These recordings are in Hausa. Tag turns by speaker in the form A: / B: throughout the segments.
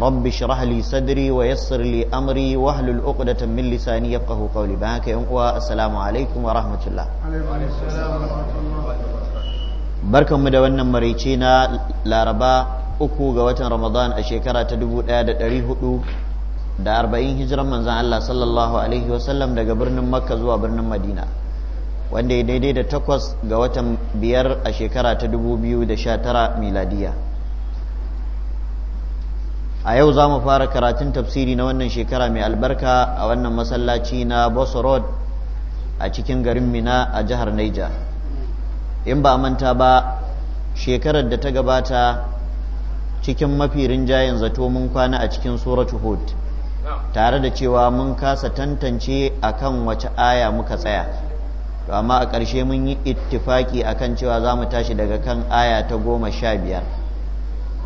A: rabbi shrah li sadri wa yassir li amri wa hlul uqdatan min lisani yafqahu qawli ba haka yan uwa assalamu alaikum wa rahmatullah barkanmu da wannan maraice na laraba uku ga watan ramadan a shekara ta dubu ɗaya da ɗari hudu da arba'in hijiran manzan allah sallallahu alaihi sallam daga birnin makka zuwa birnin madina wanda ya daidai da takwas ga watan biyar a shekara ta dubu biyu da sha tara miladiya a yau za mu fara karatun tafsiri na wannan shekara mai albarka a wannan masallaci na Boss Road a cikin garin Mina a jihar Niger. In ba manta ba shekarar da ta gabata cikin mafi rinjayen zato mun kwana a cikin suratu Hud tare da cewa mun kasa tantance a kan wace aya muka tsaya. amma a ƙarshe mun yi ittifaki kan cewa za mu tashi daga kan aya ta goma sha biyar.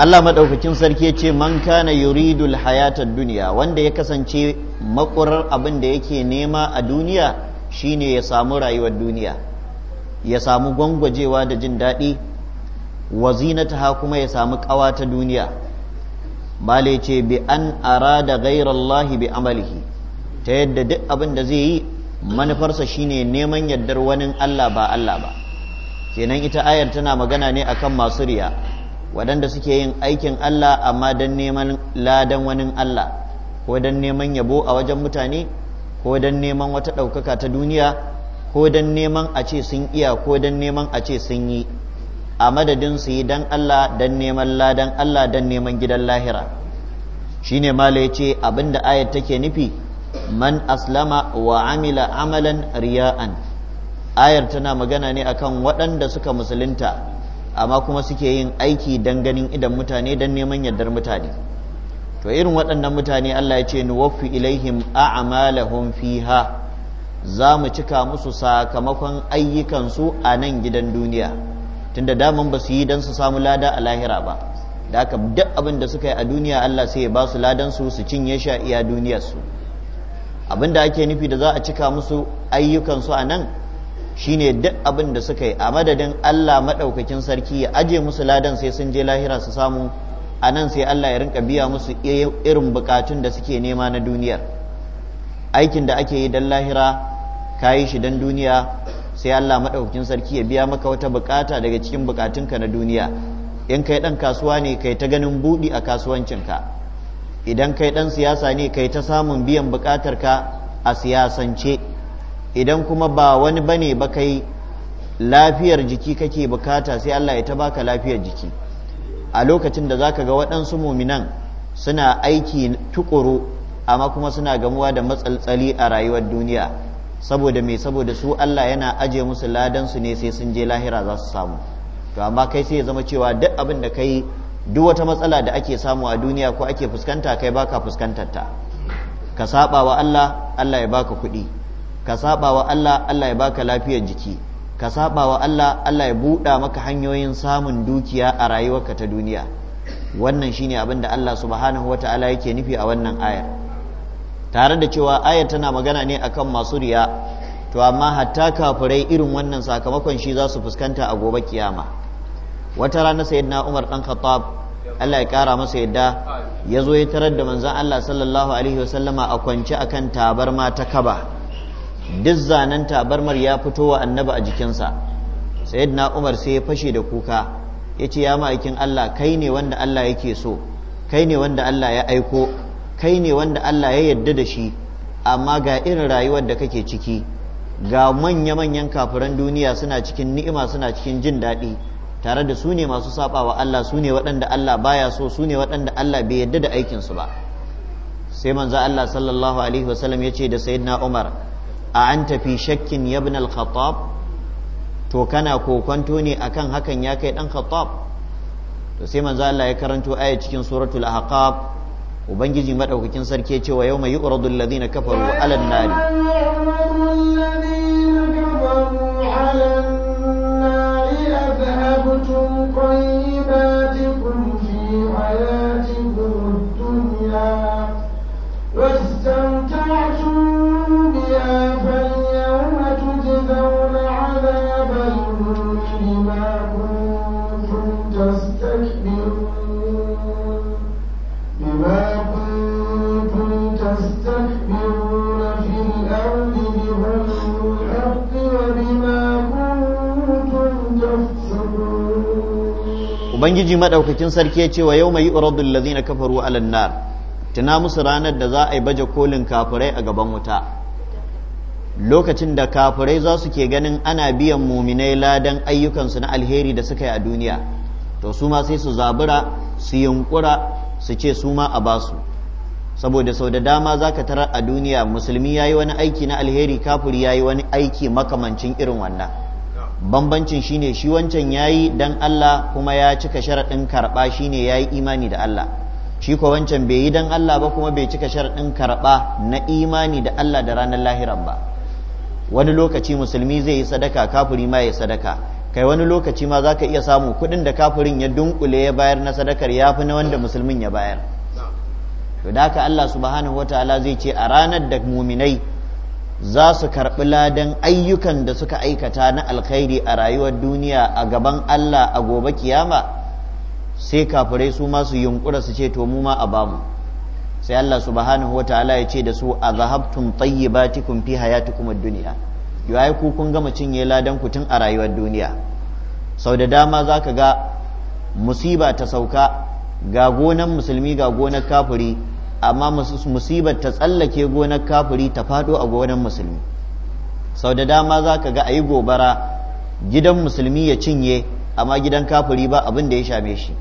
A: Allah madaukakin sarki ya ce man kana yuridul hayatan duniya wanda ya kasance makurar abin da yake nema a duniya shine ya samu rayuwar duniya ya samu gwangwajewa da jin daɗi wazinataha kuma ya samu ƙawa ta duniya male ce bi an arada ghairallahi bi amalihi ta yadda duk abin da zai yi manufarsa shine neman yardar wani Allah ba Allah ba kenan ita ayar tana magana ne akan masu riya waɗanda suke yin aikin Allah amma don neman ladan wani Allah ko don neman yabo a wajen mutane ko don neman wata ɗaukaka ta duniya ko don neman a ce sun iya ko don neman a ce sun yi a madadin su yi don Allah don neman ladan Allah don neman gidan lahira Shi ne mala ya ce abinda ayat take nufi man aslama wa amila amalan riya'an ayar tana magana ne akan waɗanda suka musulunta amma kuma suke yin aiki don ganin idan mutane don neman yardar mutane to irin waɗannan mutane Allah ya ce nuwaffi ilaihim a'malahum fiha za mu cika musu sakamakon ayyukansu a nan gidan duniya tunda daman ba su yi don su samu lada a lahira ba da haka duk abin da suka yi a duniya Allah sai ya ba su ladan su su cinye shi a iya duniyarsu abin da ake nufi da za a cika musu ayyukansu a nan shine duk abin da suka yi a madadin Allah maɗaukakin sarki ya aje musu ladan sai sun je lahira su samu a nan sai Allah ya rinka biya musu irin bukatun da suke nema na duniyar aikin da ake yi don lahira ka yi shi don duniya sai Allah maɗaukakin sarki ya biya maka wata bukata daga cikin bukatunka na duniya in kai ɗan kasuwa ne kai ta ganin buɗi a kasuwancinka idan kai ɗan siyasa ne kai ta samun biyan bukatarka a siyasance idan kuma ba wani bane ba kai lafiyar jiki kake bukata sai Allah ya ta baka lafiyar jiki a lokacin da zaka ga waɗansu muminan suna aiki tukuru amma kuma suna gamuwa da matsaltsali a rayuwar duniya saboda mai saboda su Allah yana aje musu ladan su ne sai sun je lahira za su samu to amma kai sai ya zama cewa duk abin da kai duk wata matsala da ake samu a duniya ko ake fuskanta kai baka fuskantar ta ka saba wa Allah Allah ya baka kuɗi ka saba wa Allah Allah ya baka lafiyar jiki ka saba wa Allah Allah ya buɗa maka hanyoyin samun dukiya a rayuwarka ta duniya wannan shine abin da Allah subhanahu wata'ala yake nufi a wannan ayar tare da cewa ayar tana magana ne akan masu riya to amma hatta kafirai irin wannan sakamakon shi za su fuskanta a gobe kiyama wata rana sayyidina Umar dan Khattab Allah ya kara masa yadda ya zo ya tarar da manzon Allah sallallahu alaihi wasallama a kwance akan tabarma ta kaba duk zanen tabarmar ya fito wa annabi a jikinsa na umar sai ya fashe da kuka ya ce ya ma'aikin allah kai ne wanda allah yake so kai ne wanda allah ya aiko kai ne wanda allah ya yarda da shi amma ga irin rayuwar da kake ciki ga manya-manyan kafiran duniya suna cikin ni'ima suna cikin jin daɗi tare da su ne masu saba wa Allah su ne waɗanda Allah baya so su ne waɗanda Allah bai yarda da aikinsu ba sai manzo Allah sallallahu alaihi wasallam ya ce da sayyidina Umar a an tafi shakkin ya bin al-khattab to kana kokonto ne akan hakan ya kai dan khattab to sai manzo Allah ya karanto aya cikin suratul ahqaf ubangiji madaukakin sarki ya ce wa yawma yu'radu alladhina kafaru 'ala an-nari ubangiji madaukakin sarki ya ce wa yau mai na na kafaru a lannar. tuna musu ranar da za a yi baje kolin kafurai a gaban wuta lokacin da kafurai za su ke ganin ana biyan muminai ladan ayyukansu na alheri da suka yi a duniya to su ma sai su zabura su yunkura su ce su ma a basu saboda sau da dama za ka tarar a duniya musulmi ya yi wani aiki na alheri kafiri ya yi wani aiki makamancin irin wannan bambancin shine shi wancan yayi dan Allah kuma ya cika sharaɗin karba shine yayi imani da Allah shi ko wancan bai yi dan Allah ba kuma bai cika sharaɗin karba na imani da Allah da ranar lahiran ba wani lokaci musulmi zai yi sadaka kafuri ma ya sadaka kai wani lokaci ma zaka iya samu kuɗin da kafirin ya dunkule ya bayar na sadakar ya fi na wanda musulmin ya bayar to da haka Allah subhanahu wataala zai ce a ranar da muminai za su karɓi ladan ayyukan da suka aikata na alkhairi a rayuwar duniya a gaban Allah a gobe kiyama sai kafirai su masu yunkura su ce to mu ma a bamu sai Allah subhanahu wa ta'ala ya ce da su a zahabtun tayyibatikum fi hayatikum ad-dunya yayi ku kun gama cinye ladan ku tun a rayuwar duniya sau da dama za ka ga musiba ta sauka ga gonan musulmi ga gonan kafiri amma musibar ta tsallake gonar kafuri ta faɗo a gonar musulmi sau da dama za ka ga a yi gobara gidan musulmi ya cinye amma gidan kafuri ba abin da ya shame shi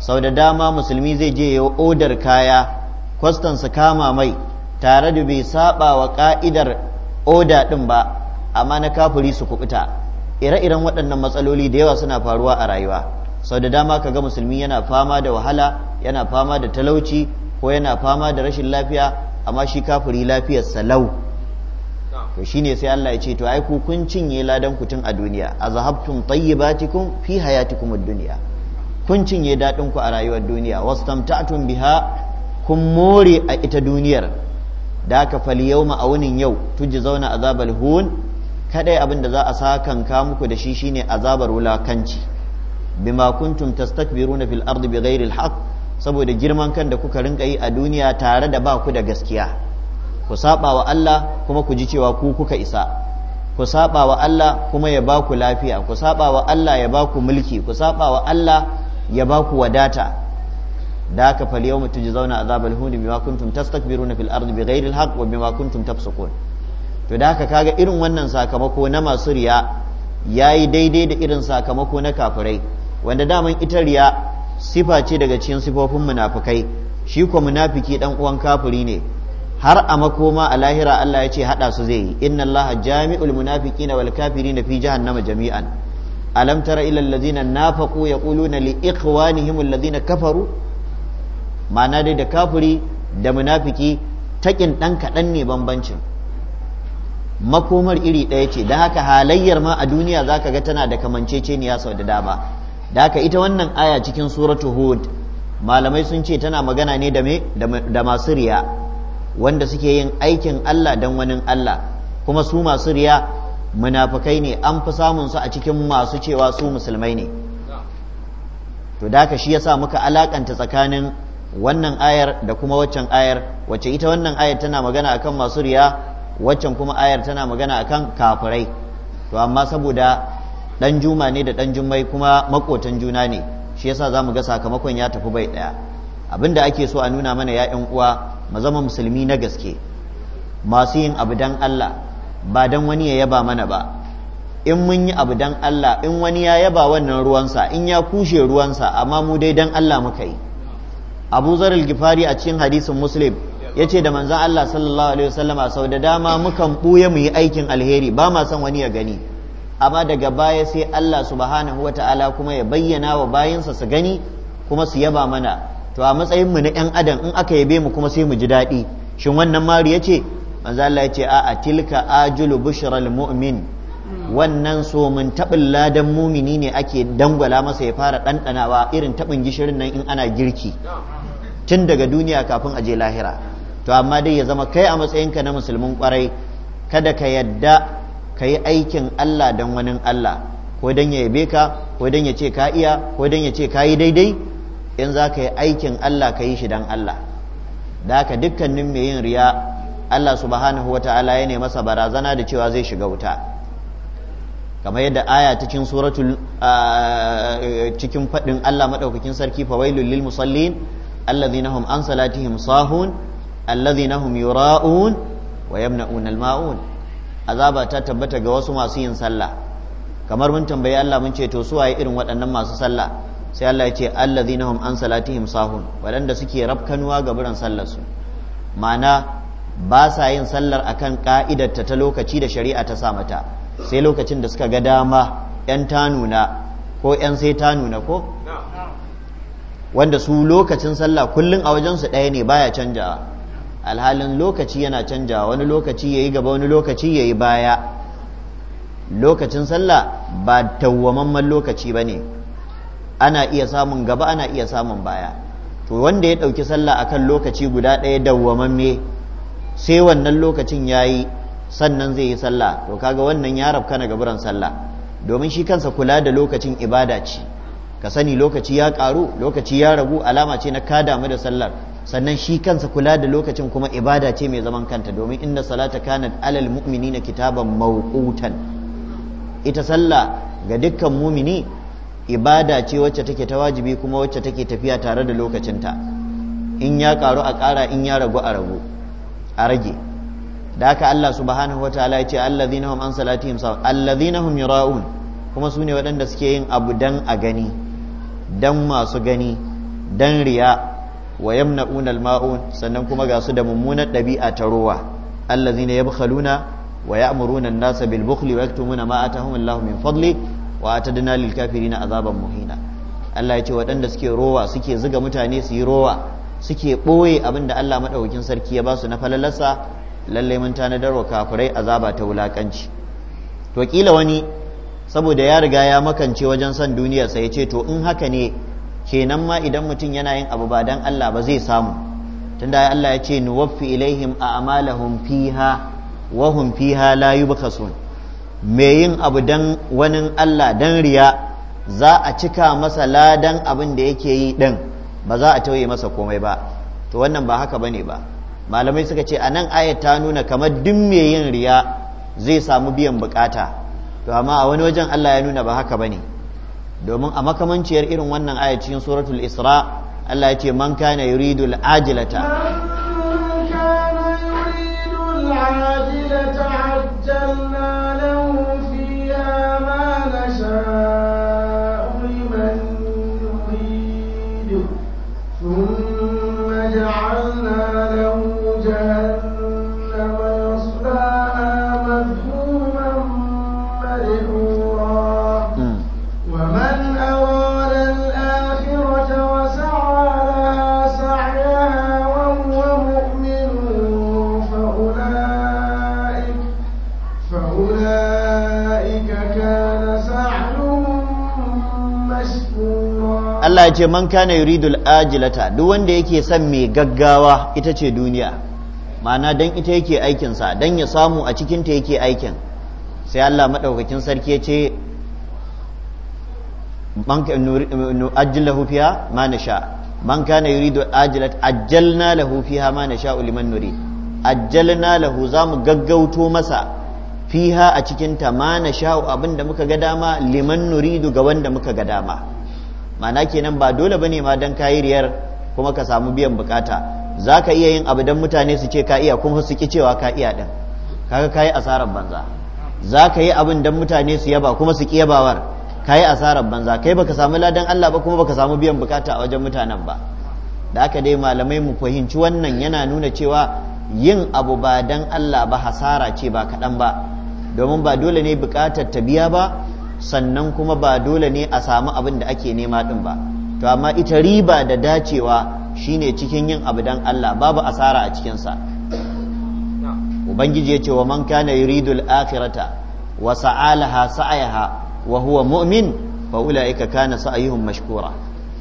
A: sau da dama musulmi zai je ya odar kaya kwastansa kama mai tare da bai saba wa ka'idar oda ɗin ba amma na kafuri su kubuta ire-iren waɗannan matsaloli da yawa suna faruwa a rayuwa sau da dama ka ga musulmi yana fama da wahala yana fama da talauci ko yana fama da rashin lafiya amma shi kafiri lafiyar salau to shine sai Allah ya ce to ai ku kun cinye ladan ku tun a duniya azhabtum tayyibatikum fi hayatikum ad-dunya kun cinye dadin ku a rayuwar duniya wastamta'tum biha kun more a ita duniyar da ka fal yawma a yau tuji zauna azabal hun kadai abin da za a sakanka muku da shi shine azabar wulakanci bima kuntum tastakbiruna fil ardi bighairi al-haqq saboda girman kan da kuka rinka yi a duniya tare da ba ku da gaskiya ku saba wa Allah kuma ku ji cewa ku kuka isa ku saba wa Allah kuma ya ba ku lafiya ku saba wa Allah ya ba ku mulki ku saba wa Allah ya ba ku wadata da ka fal yawma tujzauna azabal huni bima kuntum tastakbiruna fil ardi bighairi alhaq wa bima kuntum tafsukun to da haka kaga irin wannan sakamako na masu riya yayi daidai da irin sakamako na kafirai wanda daman ita riya sifa ce daga cikin sifofin munafikai shi ko munafiki dan uwan kafiri ne har a makoma a lahira Allah ya ce hada su zai yi inna Allah jami'ul munafiqina wal kafirina fi jahannama jami'an alam tara ila allazina nafaqu yaquluna li ikhwanihim alladhina kafaru ma'ana dai da kafiri da munafiki takin dan kadan ne bambancin makomar iri daya ce da haka halayyar ma a duniya zaka ga tana da kamanceceniya sau da dama da haka ita wannan aya cikin suratu hud malamai sun ce tana magana ne da masu riya wanda suke yin aikin Allah dan wani Allah kuma su masu riya munafukai ne an fi samun su a cikin masu cewa su musulmai ne to da haka shi yasa muka alakanta tsakanin wannan ayar da kuma waccan ayar wacce ita wannan ayar tana magana akan masu riya waccan kuma ayar tana magana akan kafirai to amma saboda dan juma ne da dan jummai kuma makotan juna ne shi yasa zamu ga sakamakon ya tafi bai daya abinda ake so a nuna mana ya'yan uwa mu zama musulmi na gaske masu yin abu dan Allah ba dan wani ya yaba mana ba in mun yi abu dan Allah in wani ya yaba wannan ruwansa in ya kushe ruwansa amma mu dai dan Allah muka yi Abu Zar al-Gifari a cikin hadisin Muslim yace da manzon Allah sallallahu alaihi wasallama sau da dama mukan buye mu yi aikin alheri ba ma son wani ya gani amma daga baya sai Allah subhanahu ta'ala kuma ya bayyana wa bayansa su gani kuma su yaba mana to a matsayin mu na yan adam in aka yabe mu kuma sai mu ji daɗi shin wannan mari yace manzo Allah yace a'a tilka ajulu bushral mu'min wannan so mun tabin ladan mumini ne ake dangwala masa ya fara ɗanɗanawa irin tabin gishirin nan in ana girki tun daga duniya kafin a je lahira to amma dai ya zama kai a matsayinka na musulmin kwarai kada ka yadda ka yi aikin Allah don wani Allah ko don ya yabe ka ko don ya ce ka iya ko don ya ce ka yi daidai in za ka yi aikin Allah ka yi shi don Allah da haka dukkanin mai yin riya Allah subhanahu wa ta'ala ya ne masa barazana da cewa zai shiga wuta kamar yadda aya cikin suratul cikin fadin Allah maɗaukakin sarki fawailul lil musallin alladhina hum an salatihim sahun alladhina hum yura'un wa yamna'un al-ma'un azaba ta tabbata ga wasu masu yin sallah kamar mun tambayi Allah mun ce to su waye irin waɗannan masu sallah sai Allah ya ce allazina hum an salatihim sahun waɗanda suke rafkanuwa ga buran sallar su ma'ana ba sa yin sallar akan ka'idar ta ta lokaci da shari'a ta sa mata sai lokacin da suka ga dama yan ta nuna ko yan sai ta nuna ko wanda su lokacin sallah kullun a wajen su ɗaya ne baya canjawa alhalin lokaci yana canja wani lokaci yayi gaba wani lokaci yayi baya lokacin sallah ba tawwamamman lokaci bane ana iya samun gaba ana iya samun baya to wanda ya ɗauki sallah akan lokaci guda ɗaya dawwamamme sai wannan lokacin ya yi sannan zai yi sallah to kaga wannan ya rabka na gaburan sallah domin shi kansa kula da lokacin ibada ce ka sani lokaci ya karu lokaci ya ragu alama ce na ka damu da sallar sannan shi kansa kula da lokacin kuma ibada ce mai zaman kanta domin inda salata kanat alal na kitaban mawqutan ita sallah ga dukkan mumini ibada ce wacce take ta wajibi kuma wacce take tafiya tare da lokacinta in ya karu a kara in ya ragu a ragu a rage da haka Allah subhanahu wa ta'ala ya ce allazina hum an salatihim sahun allazina hum yura'un kuma su ne waɗanda suke yin abu dan a gani dan masu gani dan riya wa yamna'una al-ma'un sannan kuma ga su da mummunar ɗabi'a ta ruwa allazina yabkhaluna wa ya'muruna an-nasa bil bukhli wa yaktumuna ma atahum Allahu min fadli wa atadna lil kafirina azaban muhina Allah ya ce waɗanda suke rowa suke zuga mutane su yi rowa suke ɓoye abin da Allah maɗaukakin sarki ya ba su na falalarsa lallai mun tanadar wa kafirai azaba ta wulaƙanci to kila wani saboda ya riga ya makance wajen son duniya sai ce to in haka ne kenan ma idan mutum yana yin abu ba dan Allah ba zai samu tunda Allah ya ce nuwaffi ilaihim a amalahum fiha wa hum fiha la yubkhasun me yin abu dan wani Allah dan riya za a cika masa ladan abin da yake yi din ba za a tauye masa komai ba to wannan ba haka bane ba malamai suka ce anan ayat ta nuna kamar duk me yin riya zai samu biyan bukata to amma a wani wajen Allah ya nuna ba haka bane domin a makamanciyar irin wannan aya cikin suratul isra Allah ya ce man kana yuridul ajilata man
B: kana yuridul ajilata Allah ya
A: ce man kana yuridul ajilata duk wanda yake son mai gaggawa ita ce duniya ma'ana dan ita yake aikinsa dan ya samu a ta yake aikin sai Allah madaukakin sarki ya ce ajilahu fiha ma nasha man kana yuridu ajilat ajjalna lahu fiha ma nasha liman nurid ajjalna lahu zamu gaggauto masa fiha a cikin ta ma nasha abinda muka ga dama liman nuridu ga wanda muka ga dama ma'ana kenan ba dole bane ma dan kayi riyar kuma ka samu biyan bukata ka iya yin abu dan mutane su ce ka iya kuma su ki cewa ka iya din kaga kayi asarar banza za ka yi abin dan mutane su yaba kuma su ki yabawar kayi asarar banza kai baka samu ladan Allah ba kuma baka samu biyan bukata a wajen mutanen ba da haka dai malamai mu fahimci wannan yana nuna cewa yin abu ba dan Allah ba hasara ce ba kaɗan ba domin ba dole ne bukatar ta biya ba sannan kuma ba dole ne a samu abin da ake nema ɗin ba to amma ita riba da dacewa shine cikin yin abu dan Allah babu asara a cikinsa ubangiji ya ce wa man kana yuridul akhirata wa sa'alaha sa'ayaha wa huwa mu'min fa ulaika kana sa'ayuhum mashkura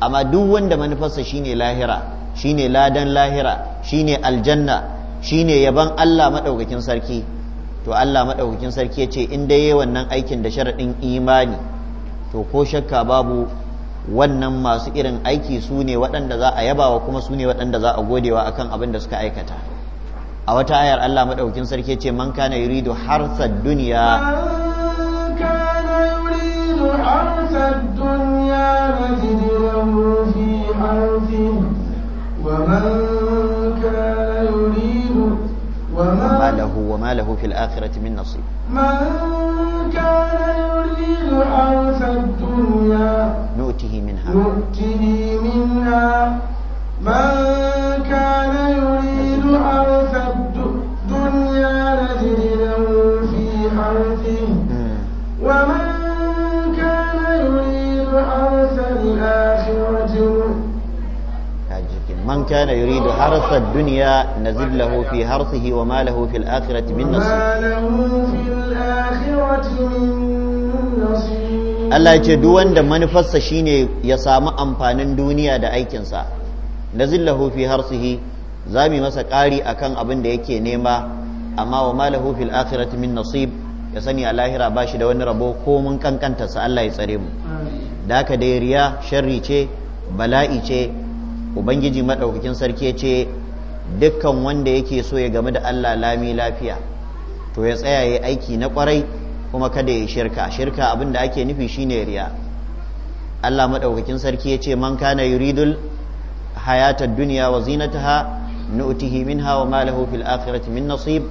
A: amma duk wanda manufarsa shine lahira shine ladan lahira shine aljanna shine yaban Allah madaukakin sarki to Allah maɗaukakin sarki ya ce in dai wannan aikin da sharaɗin imani to ko shakka babu wannan masu irin aiki su ne waɗanda za a yabawa kuma su ne waɗanda za a godewa akan abin da suka aikata a wata ayar Allah maɗaukakin sarki ya ce man kana yuridu harsa duniya
B: ومن
A: وما له في الآخرة من نصيب
B: من كان يريد حرث الدنيا
A: نؤته منها
B: نؤته منها من كان يريد حرث
A: من كان يريد حرث الدنيا نزل له في حرثه وما له في الآخرة من نصيب Allah ce duk wanda manufarsa shine ya samu amfanin duniya da aikinsa na zillahu fi harsihi za mu masa ƙari akan abin da yake nema amma wa ma lahu fil akhirati min ya sani a lahira ba shi da wani rabo ko mun kankanta sa Allah ya tsare mu da haka dai riya sharri ce bala'i ce ubangiji maɗaukakin sarki ce dukkan wanda yake so ya game da allah lami lafiya to ya tsaya ya aiki na kwarai kuma kada ya shirka shirka abin da ake nufi shine riya allah maɗaukakin sarki ya ce man kana yuridul hayatar duniya wa zinataha nu'tihi minha min ma lahu fil akhirati min nasib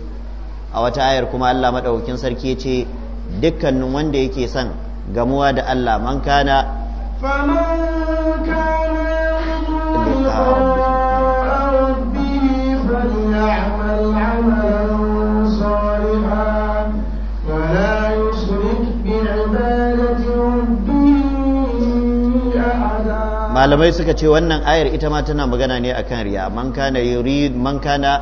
A: a wata ayar kuma allah maɗaukakin sarki ya ce dukkanin wanda yake son gamuwa da allah man kana malamai suka ce wannan ayar ita ma tana magana ne akan riya man kana yurid man kana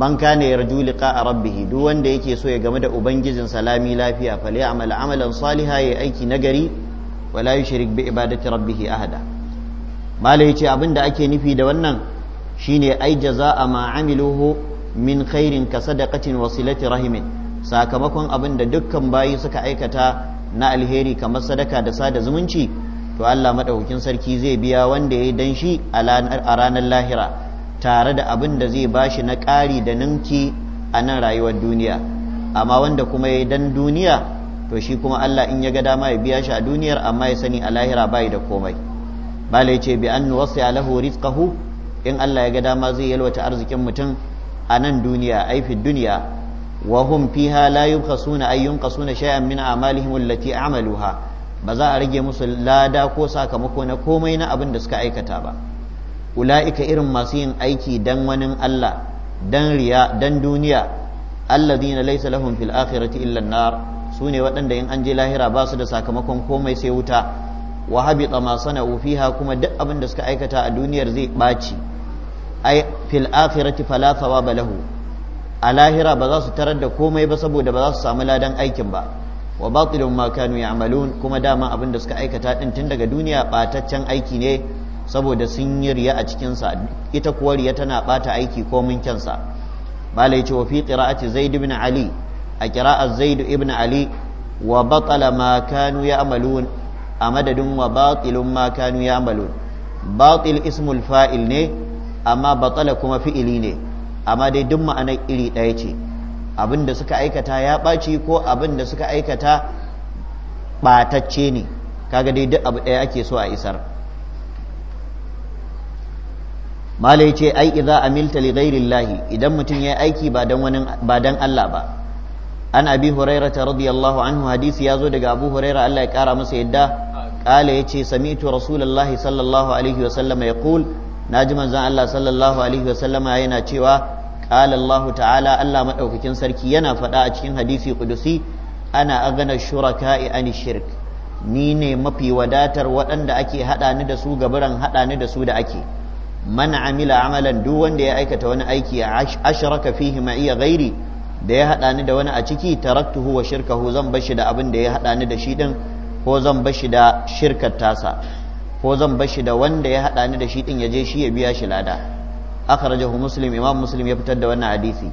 A: man kana yarju liqa rabbih duk wanda yake so ya game da ubangijin salami lafiya fa ya'mal amalan saliha ya aiki nagari wala yushrik bi ibadati rabbih ahada malai yace abinda ake nufi da wannan shine ai jaza'a ma amiluhu min khairin ka sadaqatin wa silati rahimin sakamakon abinda dukkan bayi suka aikata na alheri kamar sadaka da sada zumunci to Allah maɗaukin sarki zai biya wanda ya yi dan shi a ranar lahira tare da abin da zai bashi na ƙari da ninki a nan rayuwar duniya amma wanda kuma ya dan duniya to shi kuma Allah in ya ga dama ya biya shi a duniyar amma ya sani a lahira bai da komai bala ya ce bi an wasu lahu rizqahu in Allah ya ga dama zai yalwata arzikin mutum a nan duniya ai fi duniya wa hum fiha la yubkhasuna ay yunqasuna shay'an min a'malihim allati amaluha ba za a rage musu lada ko sakamako na komai na abin da suka aikata ba ula'ika irin masu yin aiki dan wani Allah dan riya dan duniya zina laisa lahum fil akhirati illa an su ne waɗanda in an je lahira ba su da sakamakon komai sai wuta wa habita ma sana'u fiha kuma duk abin da suka aikata a duniyar zai ɓaci ai fil akhirati fala thawaba lahu a lahira ba za su tarar da komai ba saboda ba za su samu ladan aikin ba wa batilun ma kanu ya'malun kuma dama abin da suka aikata din tun daga duniya bataccen aiki ne saboda sun yi riya a cikin sa ita kuwa riya tana bata aiki ko minkin sa malai ce wa fi qira'ati zaid ibn ali a qira'at zaid ibn ali wa batala ma kanu ya'malun a madadin wa batilun ma kanu ya'malun batil ismul fa'il ne amma batala kuma fi'ili ne amma dai duk ma'anar iri ɗaya ce abin da suka aikata ya ɓaci ko abin da suka aikata ɓatacce ne kaga dai duk abu ɗaya ake so a isar mala ya ce ai idza amilta li ghairillahi idan mutum ya aiki ba dan Allah ba an abi hurairah radiyallahu anhu hadisi zo daga abu hurairah Allah ya kara masa yadda قال يتي سمعت رسول الله صلى الله عليه وسلم يقول ناجي منزان الله صلى الله عليه وسلم yana cewa alallahu ta'ala Allah madaukakin sarki yana faɗa a cikin hadisi qudusi ana agana shuraka'i an shirk ni ne mafi wadatar waɗanda ake haɗa ni da su gabaran haɗa ni da su da ake man amila amalan duk wanda ya aikata wani aiki ashraka fihi ma iya gairi da ya haɗa ni da wani a ciki taraktuhu wa shirkahu zan bashi da abin da ya haɗa ni da shi ko zan bashi da shirkar ko zan bashi da wanda ya haɗa ni da shi din ya je shi ya biya shi lada akhrajahu muslim imam muslim ya fitar da wannan hadisi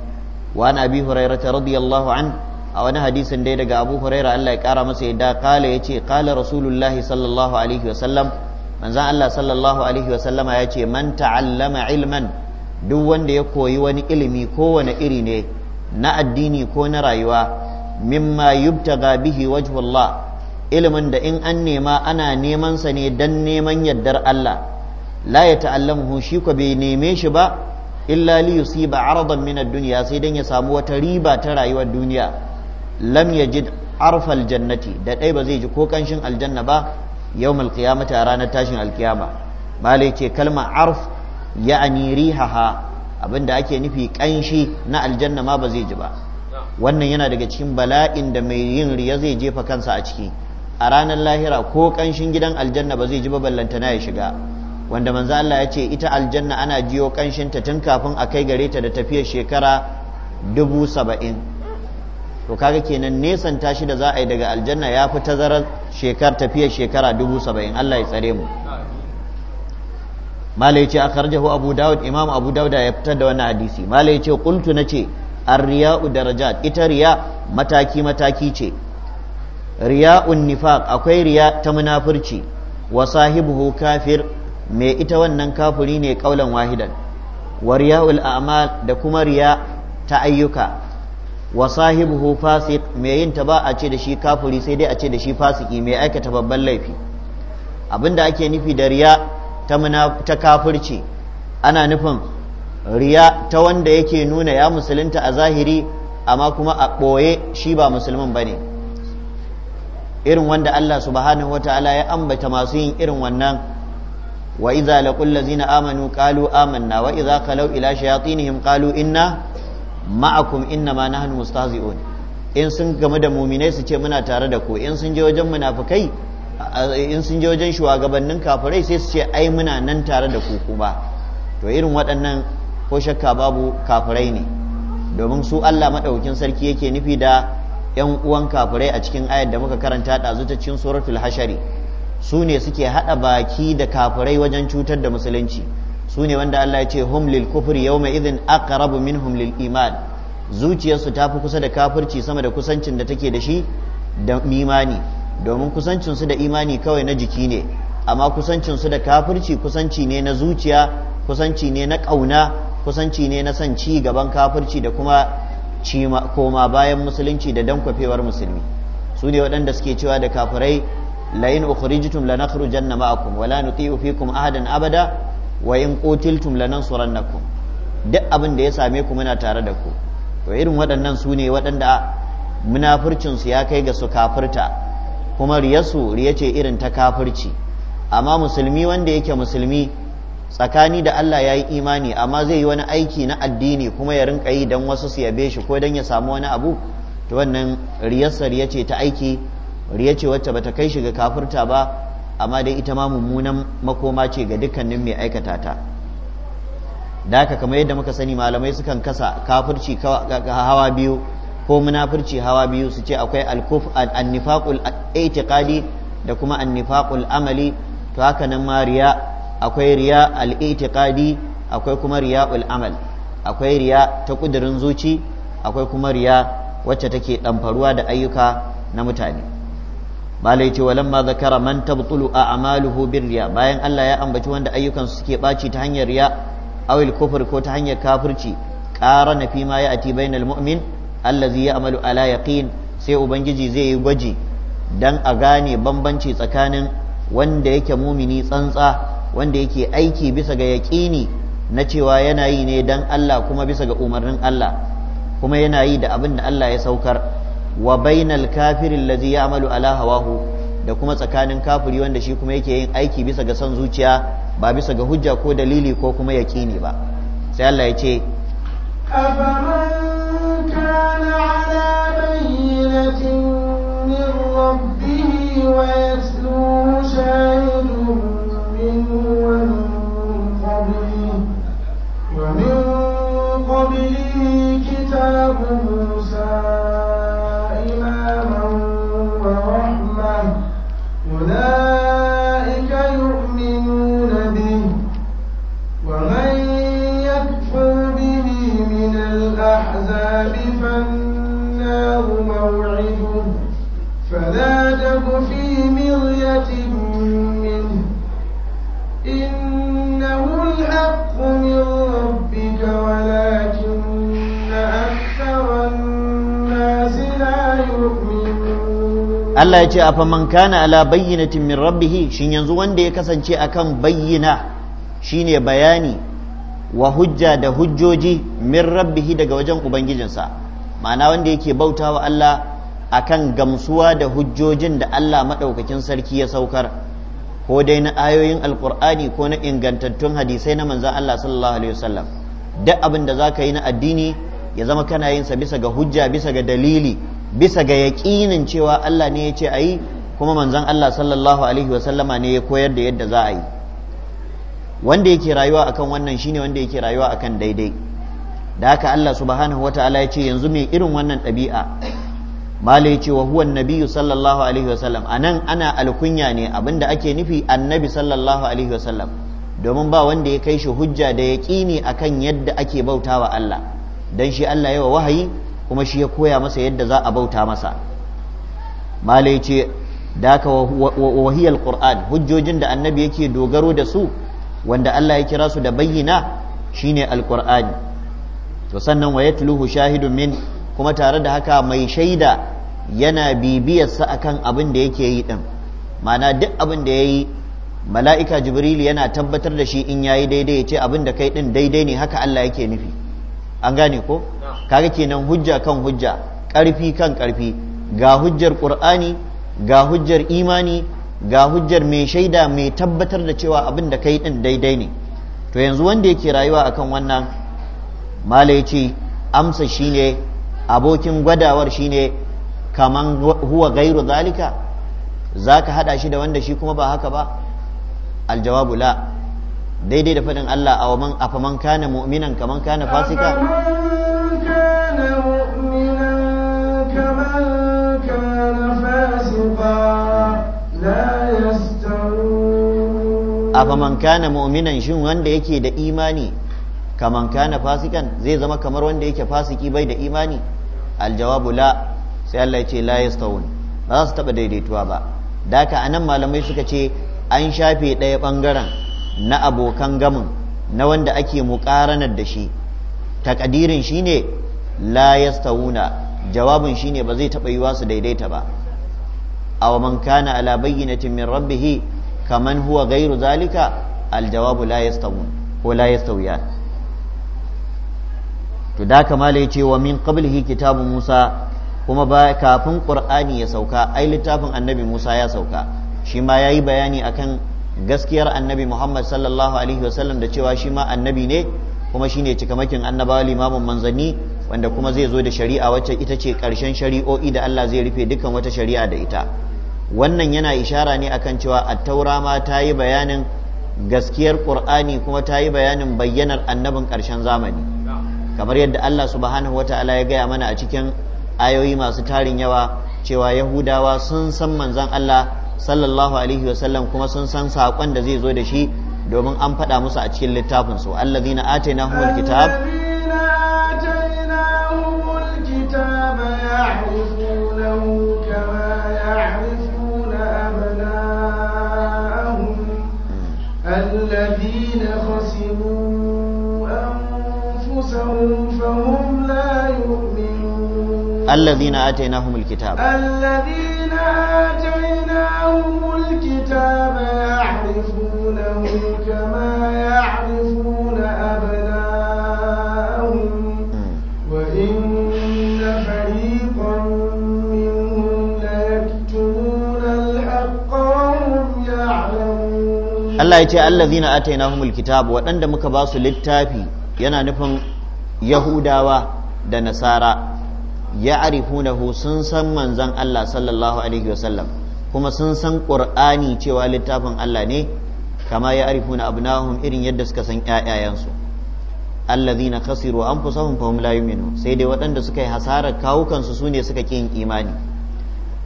A: wa an abi hurairah radiyallahu an a wani hadisin dai daga abu hurairah Allah ya kara masa yadda kala yace kala rasulullahi sallallahu alaihi wasallam manzon Allah sallallahu alaihi wasallama yace man ta'allama ilman duk wanda ya koyi wani ilimi kowane iri ne na addini ko na rayuwa mimma yubtaga bihi wajhullah ilimin da in an nema ana neman sa ne dan neman yardar Allah la ya ta'allamuhu shi ko bai neme shi ba illa li yusiba aradan min ad-dunya sai dan ya samu wata riba ta rayuwar duniya lam yajid arfal jannati da dai ba zai ji ko kanshin aljanna ba yawmal qiyamati ranar tashin alkiyama malai ce kalma arf ya'ani rihaha abinda ake nufi kanshi na aljanna ma ba zai ji ba wannan yana daga cikin bala'in da mai yin riya zai jefa kansa a ciki a ranar lahira ko kanshin gidan aljanna ba zai ji ba ballantana ya shiga wanda manzo Allah ya ce ita aljanna ana jiyo kanshin ta tun kafin a kai gare ta da tafiyar shekara dubu saba'in to kaga kenan nesan tashi da za a yi daga aljanna ya fi tazarar shekar tafiyar shekara dubu saba'in Allah ya tsare mu mala ya ce a karjahu abu dawud imam abu dawud ya fitar da wannan hadisi mala ya ce kultu na ce arriya'u darajat ita riya mataki mataki ce riya'un nifaq akwai riya ta munafurci wa sahibuhu kafir Mai ita wannan kafuri ne kaulan wahidan wa riya'ul a'mal da kuma riya ta ayyuka wa sahibuhu fasik me yin ta ba a ce da shi kafuri sai dai a ce da shi fasiki me aikata babban laifi abinda ake nufi da riya ta muna ana nufin riya ta wanda yake nuna ya musulunta a zahiri amma kuma a ɓoye shi ba musulmin ba ne irin wanda Allah subhanahu wa ta'ala ya ambata masu yin irin wannan wa idza laqul ladzina amanu qalu amanna wa idza kalau ila shayatinihim qalu inna ma'akum inna ma nahnu mustahzi'un in sun game da muminai su ce muna tare da ku in sun je wajen munafikai in sai su ce ai muna nan tare da ku kuma to irin waɗannan ko shakka babu kafurai ne domin su Allah maɗaukin sarki yake nufi da yan uwan kafurai a cikin ayar da muka karanta ɗazu ta cikin suratul hashari su ne suke haɗa baki da kafirai wajen cutar da musulunci su ne wanda Allah ya ce hum lil kufri yawma idhin aqrabu minhum lil iman zuciyarsu ta fi kusa da kafirci sama da kusancin da take da shi da imani domin kusancinsu da imani kawai na jiki ne amma kusancinsu da kafirci kusanci ne na zuciya kusanci ne na ƙauna kusanci ne na son ci gaban kafirci da kuma koma bayan musulunci da dankwafewar musulmi su ne waɗanda suke cewa da kafirai لئن أخرجتم لنخرجن معكم ولا نطيع فيكم أحدا أبدا وإن قتلتم لننصرنكم duk abin da ya same ku muna tare da ku to irin waɗannan su ne waɗanda munafurcinsu ya kai ga su kafirta kuma riyarsu riya ce irin ta kafirci amma musulmi wanda yake musulmi tsakani da Allah ya yi imani amma zai yi wani aiki na addini kuma ya rinka yi don wasu su yabe shi ko don ya samu wani abu to wannan riyarsa riya ce ta aiki riya ce wacce bata kai shi ga kafirta ba amma dai ita ma mummunan makoma ce ga dukkanin mai aikata ta da haka kamar yadda muka sani malamai sukan kasa kafirci hawa biyu ko munafirci hawa biyu su ce akwai annifaqul itiqadi da kuma annifaqul amali to haka nan ma riya akwai riya al-itiqadi akwai kuma riya'ul amal akwai riya ta kudirin zuci akwai kuma riya wacce take ɗamfaruwa da ayyuka na mutane malai ce ma zakara man tabtulu a amaluhu riya bayan Allah ya ambaci wanda ayyukan suke ɓaci ta hanyar riya awil kufur ko ta hanyar kafirci ƙara na fi ma ya ati bainal mu'min allazi ya amalu ala yaqin sai ubangiji zai yi gwaji dan a gane bambanci tsakanin wanda yake mumini tsantsa wanda yake aiki bisa ga yaqini na cewa yana yi ne dan Allah kuma bisa ga umarnin Allah kuma yana yi da abin da Allah ya saukar wa bainal kafirin ya amalu ala hawahu da kuma tsakanin kafiri wanda shi kuma yake yin aiki bisa ga son zuciya ba bisa ga hujja ko dalili ko kuma yaƙini ba sai Allah ya ce
B: أفمن ومن قبله كتاب موسى
A: Allah ya ce a faman kana ala bayyinatin min rabbihi shin yanzu wanda ya kasance akan bayyina shine bayani wa hujja da hujjoji min rabbihi daga wajen ubangijinsa ma'ana wanda yake bauta wa Allah akan gamsuwa da hujjojin da Allah maɗaukakin sarki ya saukar ko dai na ayoyin alkur'ani ko na ingantattun hadisai na manzan Allah sallallahu alaihi wasallam duk abin da za yi na addini ya zama kana yin bisa ga hujja bisa ga dalili bisa ga yaƙinin cewa Allah ne ya ce a yi kuma manzon Allah sallallahu alaihi wasallama ne ya koyar da yadda za a yi wanda yake rayuwa akan wannan shine wanda yake rayuwa akan daidai da haka Allah subhanahu wataala ya ce yanzu mai irin wannan ɗabi'a mala ya ce wa huwa nabiyyu sallallahu alaihi wasallam nan ana alkunya ne abinda ake nufi annabi sallallahu alaihi wasallam domin ba wanda ya kai shi hujja da yaqini akan yadda ake bautawa Allah Don shi Allah wa wahayi kuma shi ya koya masa yadda za a bauta masa ya ce da wahiyar qur'an hujjojin da annabi yake dogaro da su wanda Allah ya kira su da shi shine Alƙur'ani. to sannan wa yatluhu shahidun min kuma tare da haka mai shaida yana bibiyarsa akan abin da yake yi din Mana duk abin da ya yi mala'ika jibrilu yana tabbatar da shi in yayi daidai ya ce abin da kai din daidai ne haka Allah yake nufi an gane ko kaga kenan hujja kan hujja ƙarfi kan ƙarfi ga hujjar ƙur'ani ga hujjar imani ga hujjar mai shaida mai tabbatar da cewa abin da kai ɗin daidai ne to yanzu wanda yake rayuwa akan wannan mala ce amsa shine abokin gwadawar shine kaman huwa gairu zalika zaka ka haɗa shi da wanda shi kuma ba haka ba aljawabu la daidai da faɗin Allah a man afa man kana mu'minan kaman kana fasika afa man kana mu'minan shin wanda yake da imani kaman kana fasikan zai zama kamar wanda yake fasiki bai da imani aljawabu la sai Allah ya ce la yastawun ba za su taba daidaituwa ba daka anan malamai suka ce an shafe ɗaya ɓangaren na abokan gamin na wanda ake muƙaranar da shi takadirin shine la yastawuna jawabin shine ba zai taɓa yiwa su daidaita ba wa man kana ala bayyinatin min rabbih kaman huwa gairu zalika aljawabu la yastawun ko la yastawiyan to da kamala yace wa min qablihi kitabu musa kuma ba kafin qur'ani ya sauka ai littafin annabi musa ya sauka shi ma yayi bayani akan gaskiyar annabi Muhammad sallallahu alaihi wasallam da cewa shi ma annabi ne kuma shine cikamakin annabawa limamin manzanni wanda kuma zai zo da shari'a wacce ita ce karshen shari'o'i da Allah zai rufe dukkan wata shari'a da ita wannan yana ishara ne akan cewa attaura ma ta yi bayanin gaskiyar qur'ani kuma ta yi bayanin bayyanar annabin karshen zamani kamar yadda Allah subhanahu wataala ya gaya mana a cikin ayoyi masu tarin yawa cewa yahudawa sun san manzon Allah sallallahu alaihi wasallam kuma sun san saƙon da zai zo da shi domin an faɗa musu a cikin littafin su allazina atainahumul kitab
B: الذين humul أنفسهم فهم لا يؤمنون
A: الذين آتيناهم الكتاب
B: الذين آتيناهم الكتاب يعرفونه كما يعرفون أبناءهم وإن فريقا منهم ليكتمون الحق وهم يعلمون
A: الله يتي الذين آتيناهم الكتاب وأن muka basu littafi yana nufin Yahudawa da Nasara ya arifunahu sun san manzon Allah sallallahu alaihi wasallam kuma sun san ƙur'ani cewa littafin Allah ne kama ya arifuna abnahum irin yadda suka san ƴaƴayensu allazina khasiru anfusahum fahum la minu sai dai waɗanda suka yi hasara kawukansu sune suka ƙi yin imani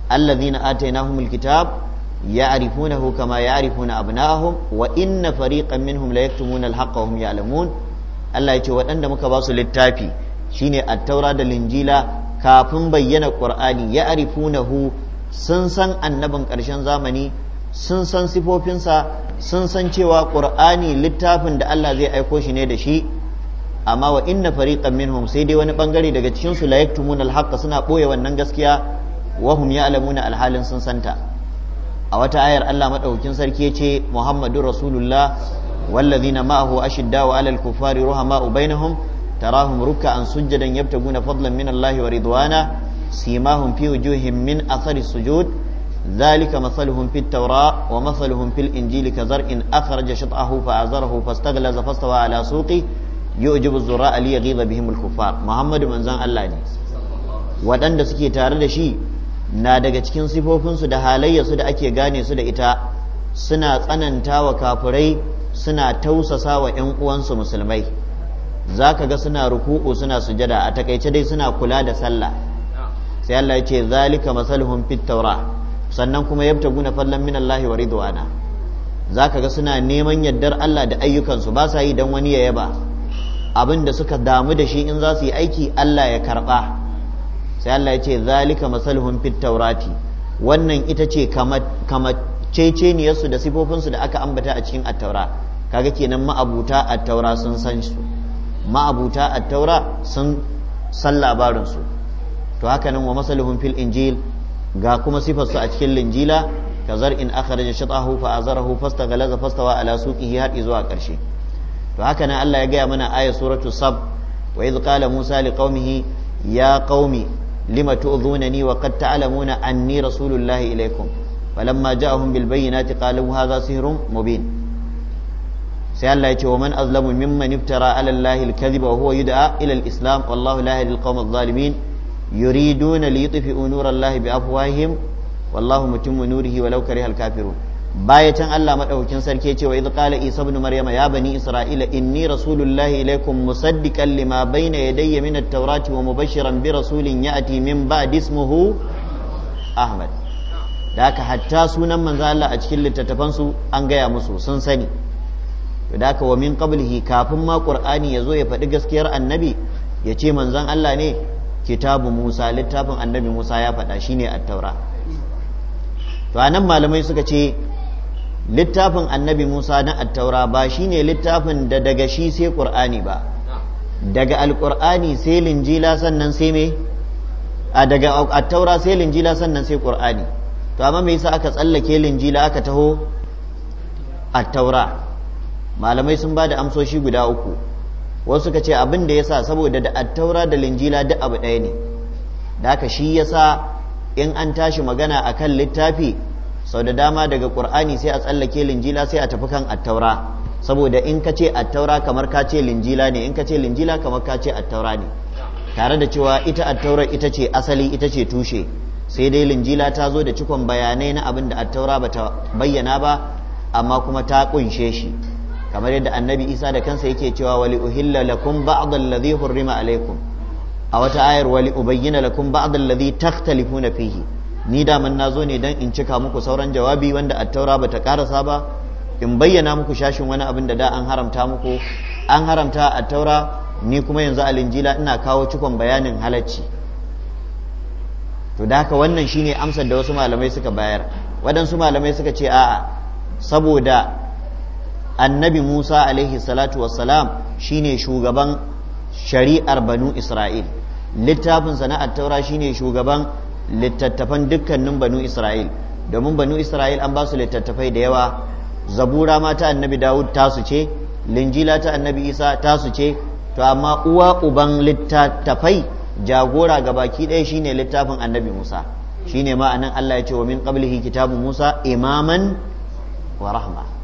A: allazina atainahumul kitab ya'rifunahu kama ya'rifuna abnahum wa inna fariƙan min la yaktumuna al-haqqa hum ya'lamun Allah ya ce waɗanda muka ba su littafi shine a taura da linjila kafin bayyana na ya'rifunahu sun san annabin ƙarshen zamani sun san sifofinsa sun san cewa ƙur'ani littafin da Allah zai aiko shi ne da shi amma wa inna fariqan minhum sai dai wani bangare daga cikin su la yaktumuna suna boye wannan gaskiya wa hum ya'lamuna alhalin sun santa a wata ayar Allah madaukakin sarki yace Muhammadur Rasulullah wallazina ma'ahu wa 'alal kufari ruhama'u bainahum tarahum ruk'an sujjadan yabtaguna fadlan minallahi wa ridwana سيماهم في وجوههم من أثر السجود ذلك مثلهم في التوراة ومثلهم في الإنجيل كزرع أخرج شطأه فأزره فاستغلظ فاستوى على سوقه يعجب الزراء ليغيظ بهم الكفار محمد من زان الله ne waɗanda suke tare da shi na daga cikin sifofinsu da halayyarsu da ake gane su da ita suna tsananta wa kafurai suna tausasa wa 'yan uwansu musulmai za ka ga suna ruku'u suna sujada a takaice dai suna kula da sallah sai Allah ya ce zalika masaluhum fit tawra sannan kuma yabtaguna fallan min Allah wa ridwana zaka ga suna neman yaddar Allah da ayyukansu ba sa yi dan wani ya yaba abin da suka damu da shi in za su yi aiki Allah ya karba sai Allah ya ce zalika masaluhum fit tawrati wannan ita ce kamar kamaceceniyarsu da sifofin su da aka ambata a cikin attaura kaga kenan ma'abuta attaura sun san su ma'abuta at-taura sun san labarinsu to haka nan wa masaluhum fil injil ga kuma sifarsu a cikin linjila ka zar'in akhraja shatahu fa azarahu fasta wa ala ya har zuwa karshe to haka nan Allah ya gaya mana ayat suratu sab wa idh qala musa liqaumihi ya qaumi lima ni wa qad ta'lamuna anni rasulullahi ilaykum falamma ja'ahum bil bayyinati qalu hadha sihrun mubin sai Allah ya ce wa man azlamu mimman iftara ala allahi al-kadhiba wa huwa yud'a ila al-islam wallahu la yahdi al adh-dhalimin yuriduna li yutfi'u nurallahi bi afwahihim wallahu mutimmu nurihi walau karihal bayatan Allah madaukakin sarki cewa idh qala isa ibn maryama ya bani isra'ila inni rasulullahi ilaykum musaddiqan lima bayna yadayya min at-taurati wa mubashiran bi rasulin ya'ti min ba'di ismihi ahmad da haka hatta sunan manzo Allah a cikin littattafan su an gaya musu sun sani da haka wa min qablihi kafin ma qur'ani yazo ya faɗi gaskiyar annabi ya ce manzon Allah ne kitabu Musa littafin annabi Musa ya faɗa shine at-taura to anan malamai suka ce littafin annabi Musa na attaura taura ba shine littafin da daga shi sai kur'ani ba daga al kurani sai linjila sannan sai me a daga attaura sai linjila sannan sai ƙur'ani to amma mai sa aka tsallake linjila aka taho attaura taura malamai sun ba da amsoshi guda uku wasu kace ce abin da ya sa saboda da attaura da linjila duk abu ɗaya ne da haka shi ya sa in an tashi magana a kan littafi sau da dama daga ƙur'ani sai a tsallake linjila sai a tafi kan attaura saboda in ka ce attaura kamar ka ce linjila ne in ka ce linjila kamar ka ce attaura ne tare da cewa ita attaura ita ce asali ita ce tushe sai dai linjila ta zo da cikon bayanai na abin da attaura ba ta bayyana ba amma kuma ta kunshe shi kamar yadda annabi isa da kansa yake cewa wali uhilla lakum ba'd alladhi hurrima alaikum a wata ayar wali ubayyana lakum ba'd alladhi takhtalifuna fihi ni da man nazo ne dan in cika muku sauran jawabi wanda taura bata karasa ba in bayyana muku shashin wani abin da da an haramta muku an haramta ni kuma yanzu alinjila ina kawo cikon bayanin halacci to da haka wannan shine amsar da wasu malamai suka bayar waɗansu malamai suka ce a'a saboda annabi Musa alaihi salatu wassalam shine shugaban shari'ar banu Isra'il littafin sana'ar taura shine shugaban littattafan dukkanin banu Isra'il domin banu Isra'il an ba su littattafai da yawa zabura ma ta annabi Dawud tasu ce linjila ta annabi Isa tasu ce to amma uwa uban littattafai jagora ga baki ɗaya shine littafin annabi Musa shine ma'anan Allah ya ce wa min qablihi kitabu Musa imaman wa rahma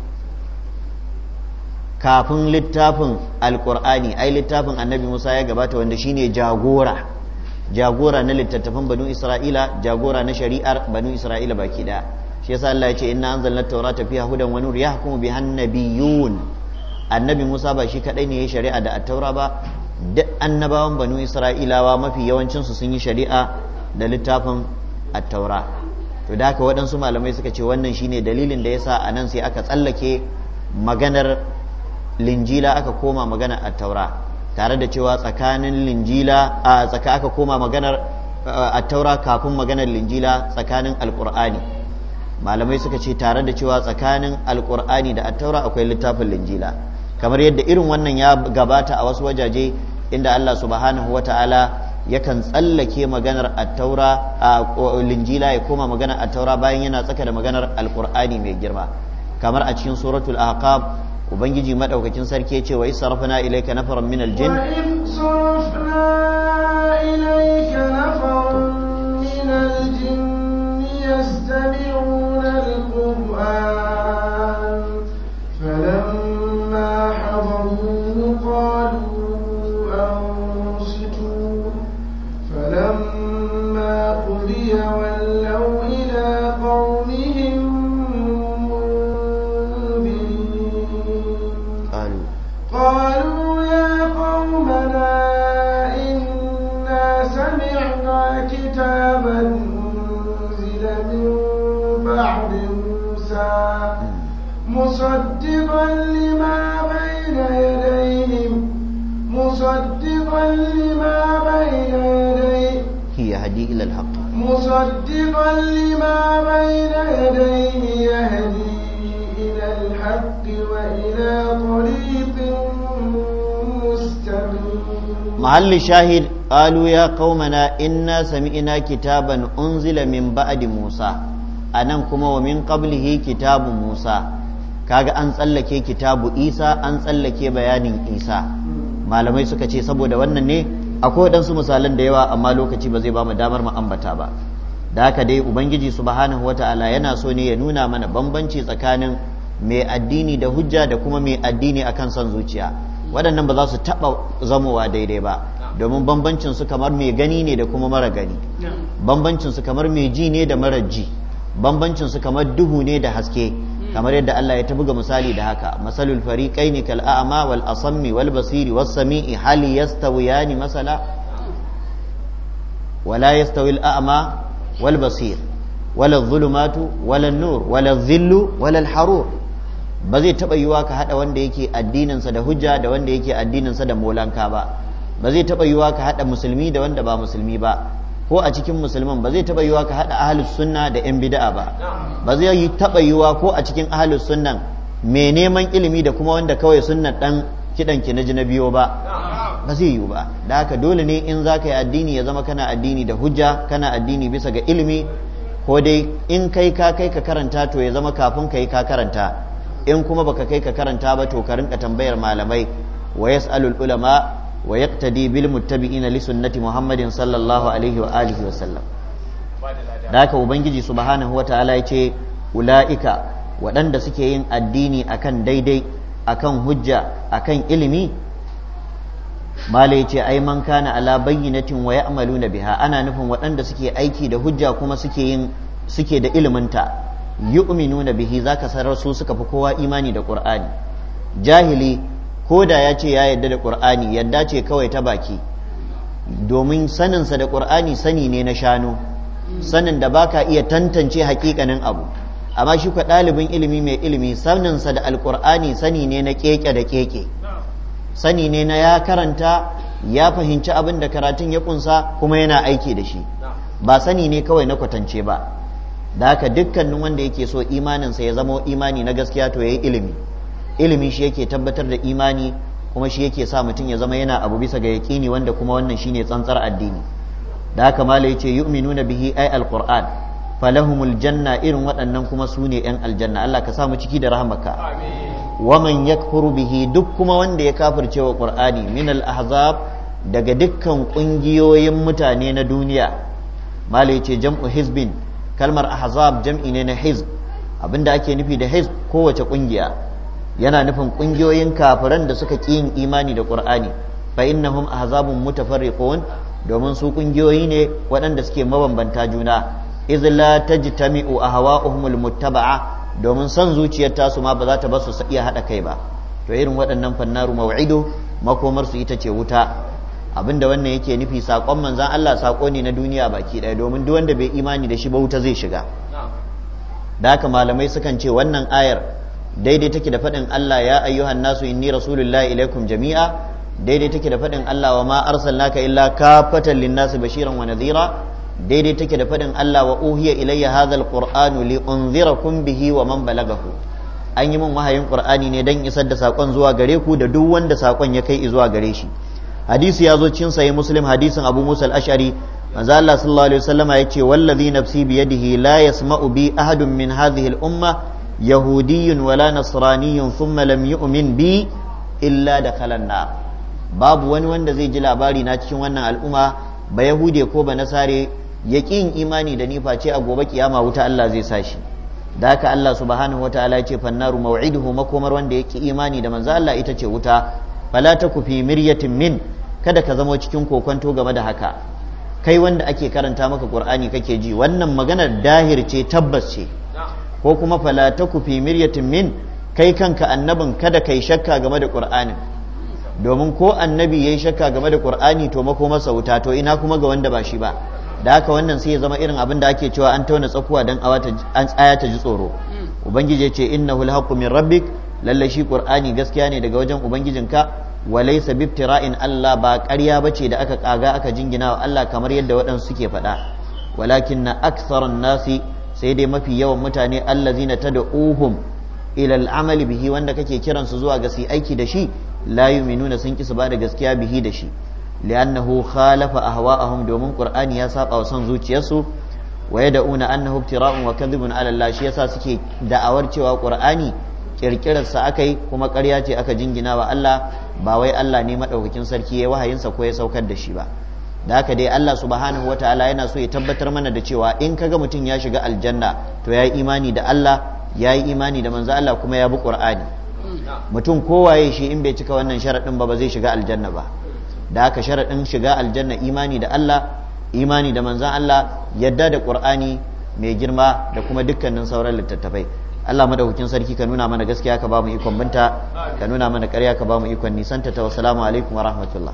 A: kafin littafin alkur'ani ai littafin annabi musa ya gabata wanda shine jagora jagora na littattafan banu isra'ila jagora na shari'ar banu isra'ila baki daya shi yasa Allah ya ce inna anzalna tawrata fiha hudan wa nur yahkumu biha annabiyun annabi musa ba shi kadai ne ya shari'a da attaura ba duk annabawan banu isra'ilawa mafi yawancin su sun yi shari'a da littafin attaura to da haka waɗansu malamai suka ce wannan shine dalilin da yasa anan sai aka tsallake maganar linjila aka koma magana a taura tare da cewa tsakanin linjila a tsaka aka koma maganar a taura kafin maganar linjila tsakanin alkur'ani malamai suka ce tare da cewa tsakanin alkur'ani da attaura akwai littafin linjila kamar yadda irin wannan ya gabata a wasu wajaje inda allah subhanahu wa ta'ala yakan tsallake maganar attaura a linjila ya koma maganar attaura bayan yana tsaka da maganar alkur'ani mai girma kamar a cikin suratul ahqab ubangiji maɗaukacin sarki ya ce wa isarfana na nafaran min aljin shahid alu ya kaumana inna ina kitaban unzila min ba'di Musa anan kuma wa min qablihi kitabu Musa kaga an tsallake kitabu Isa an tsallake bayanin Isa malamai suka ce saboda wannan ne akwai waɗansu misalan da yawa amma lokaci ba zai ba mu damar mu ambata ba da haka dai ubangiji subhanahu wata'ala yana so ne ya nuna mana bambanci tsakanin mai addini da hujja da kuma mai addini akan son zuciya waɗannan ba za su taɓa zamowa daidai ba domin bambancin su kamar mai gani ne da kuma mara gani bambancin su kamar mai ji ne da mara ji bambancin su kamar duhu ne da haske kamar yadda Allah ya ta misali da haka masalul fariqaini kal a'ma wal asammi wal basiri was sami'i hal yastawiyani masala wala yastawi al a'ma wal basir wala dhulumatu wala nur wala dhillu wala al harur ba zai taɓa yiwa ka haɗa wanda yake addininsa da hujja da wanda yake addininsa da molanka ba ba zai taɓa yiwa ka haɗa musulmi da wanda ba musulmi ba ko a cikin musulman ba zai taɓa yiwa ka haɗa ahlus sunna da yan bid'a ba ba zai taɓa yiwa ko a cikin ahlus sunnan mai neman ilimi da kuma wanda kawai sunnan ɗan kiɗan ki na jina biyo ba ba zai yiwu ba da haka dole ne in za yi addini ya zama kana addini da hujja kana addini bisa ga ilimi ko dai in kai ka kai ka karanta to ya zama kafin ka ka karanta in kuma baka kai ka karanta ba to ka tambayar malamai wa yas'alul ulama wa yaqtadi bil muttabi'ina li sunnati muhammadin sallallahu alaihi wa alihi wa sallam daka ubangiji subhanahu wataala yace ula'ika waɗanda suke yin addini akan daidai akan hujja akan ilimi malai yace ai man kana ala bayyinatin wa ya'maluna biha ana nufin waɗanda suke aiki da hujja kuma suke yin suke da iliminta yu'minu na bihi za ka sarar su suka fi kowa imani da ƙur'ani. jahili ko da ya ce ya yadda da ƙur'ani, yadda ce kawai ta baki domin saninsa da ƙur'ani sani ne na shanu sanin da baka iya tantance hakikanin abu amma shi kwa ɗalibin ilimi mai ilimi saninsa da alƙur'ani sani ne na keke da keke sani ne na ya karanta ya fahimci abin da karatun ya kunsa kuma yana aiki da shi ba sani ne kawai na kwatance ba da haka dukkanin wanda yake so imaninsa ya zama imani na gaskiya to yayi ilimi ilimi shi yake tabbatar da imani kuma shi yake sa mutum ya zama yana abu bisa ga yaƙini wanda kuma wannan shine tsantsar addini da haka mala yace yu'minuna bihi ay alquran falahumul janna irin waɗannan kuma su ne yan aljanna Allah ka sa mu ciki da rahmaka wa man yakfuru bihi duk kuma wanda ya kafirce wa qur'ani min al ahzab daga dukkan ƙungiyoyin mutane na duniya mala yace jam'u hizbin kalmar ahzab jam'i ne na hizb abinda ake nufi da hizb kowace kungiya yana nufin kungiyoyin kafiran da suka ki yin imani da qur'ani fa innahum ahzabun mutafarriqun domin su kungiyoyi ne waɗanda suke mabambanta juna iz la tajtami'u ahwa'uhumul muttaba'a domin son zuciyar su ma ba za ta basu iya hada kai ba to irin waɗannan fannaru maw'idu makomar su ita ce wuta abinda wannan yake nufi sakon manzan Allah sako ne na duniya baki ɗaya domin duk wanda bai imani da shi ba wuta zai shiga da haka malamai sukan ce wannan ayar daidai take da faɗin Allah ya ayyuhan nasu inni rasulullahi ilaikum jami'a daidai take da faɗin Allah wa ma arsalnaka illa kafatan linnasi bashiran wa nadhira daidai take da faɗin Allah wa uhiya ilayya hadha alqur'anu li unzirakum bihi wa man balagahu an yi min wahayin qur'ani ne dan isar da sakon zuwa gare ku da duk wanda sakon ya kai zuwa gare shi hadisi ya zo cin sayi muslim hadisin abu musa al-ash'ari manzo Allah sallallahu alaihi wasallama yace wallazi nafsi bi yadihi la yasma'u bi ahadun min hadhihi al-umma yahudiyyun wala nasraniyyun thumma lam yu'min bi illa dakhala an babu wani wanda zai ji labari na cikin wannan al'umma ba yahude ko ba nasare yakin imani da ni face a gobe kiyama wuta Allah zai sa shi da haka Allah subhanahu wataala ya ce fannaru maw'iduhu makomar wanda yake imani da manzo Allah ita ce wuta fala taku fi miryatin min kada ka zama cikin kokonto game da haka kai wanda ake karanta maka qur'ani kake ji wannan maganar dahir ce tabbas ce ko kuma fala taku fi miryatin min kai kanka annabin kada kai shakka game da qur'ani domin ko annabi yayi shakka game da qur'ani to mako masa wuta to ina kuma ga wanda ba shi ba da haka wannan sai ya zama irin abin da ake cewa an tauna tsakuwa dan an tsaya ta ji tsoro hmm. ubangiji ya ce innahu alhaqqu min rabbik lallai shi qur'ani gaskiya ne daga wajen ubangijinka wa laysa bibtira'in Allah ba ƙarya bace da aka kaga aka jingina wa Allah kamar yadda waɗansu suke faɗa walakinna aktharun nasi sai dai mafi yawan mutane allazina tad'uhum ila al'amal bihi wanda kake kiran su zuwa ga su aiki da shi la yu'minuna sun kisa ba da gaskiya bihi da shi li'annahu khalafa ahwa'ahum domin qur'ani ya saba wa son zuciyarsu wa yad'una annahu ibtira'un wa kadhibun 'ala Allah shi yasa suke da'awar cewa qur'ani kirkirarsa aka yi kuma ƙarya ce aka jingina wa Allah ba wai Allah ne maɗaukakin sarki ya wahayinsa ko ya saukar da shi ba da haka dai Allah subhanahu wataala yana so ya tabbatar mana da cewa in kaga mutum ya shiga aljanna to ya yi imani da Allah ya yi imani da manzo Allah kuma ya bi Qur'ani mutum kowaye shi in bai cika wannan sharaɗin ba ba zai shiga aljanna ba da haka sharaɗin shiga aljanna imani da Allah imani da manzo Allah yadda da Qur'ani mai girma da kuma dukkanin sauran littattafai Allah madaukakin sarki ka nuna mana gaskiya ka ba mu ikon binta ka nuna mana ƙarya ka ba mu ikon nisanta ta wassalamu alaikum wa rahmatullah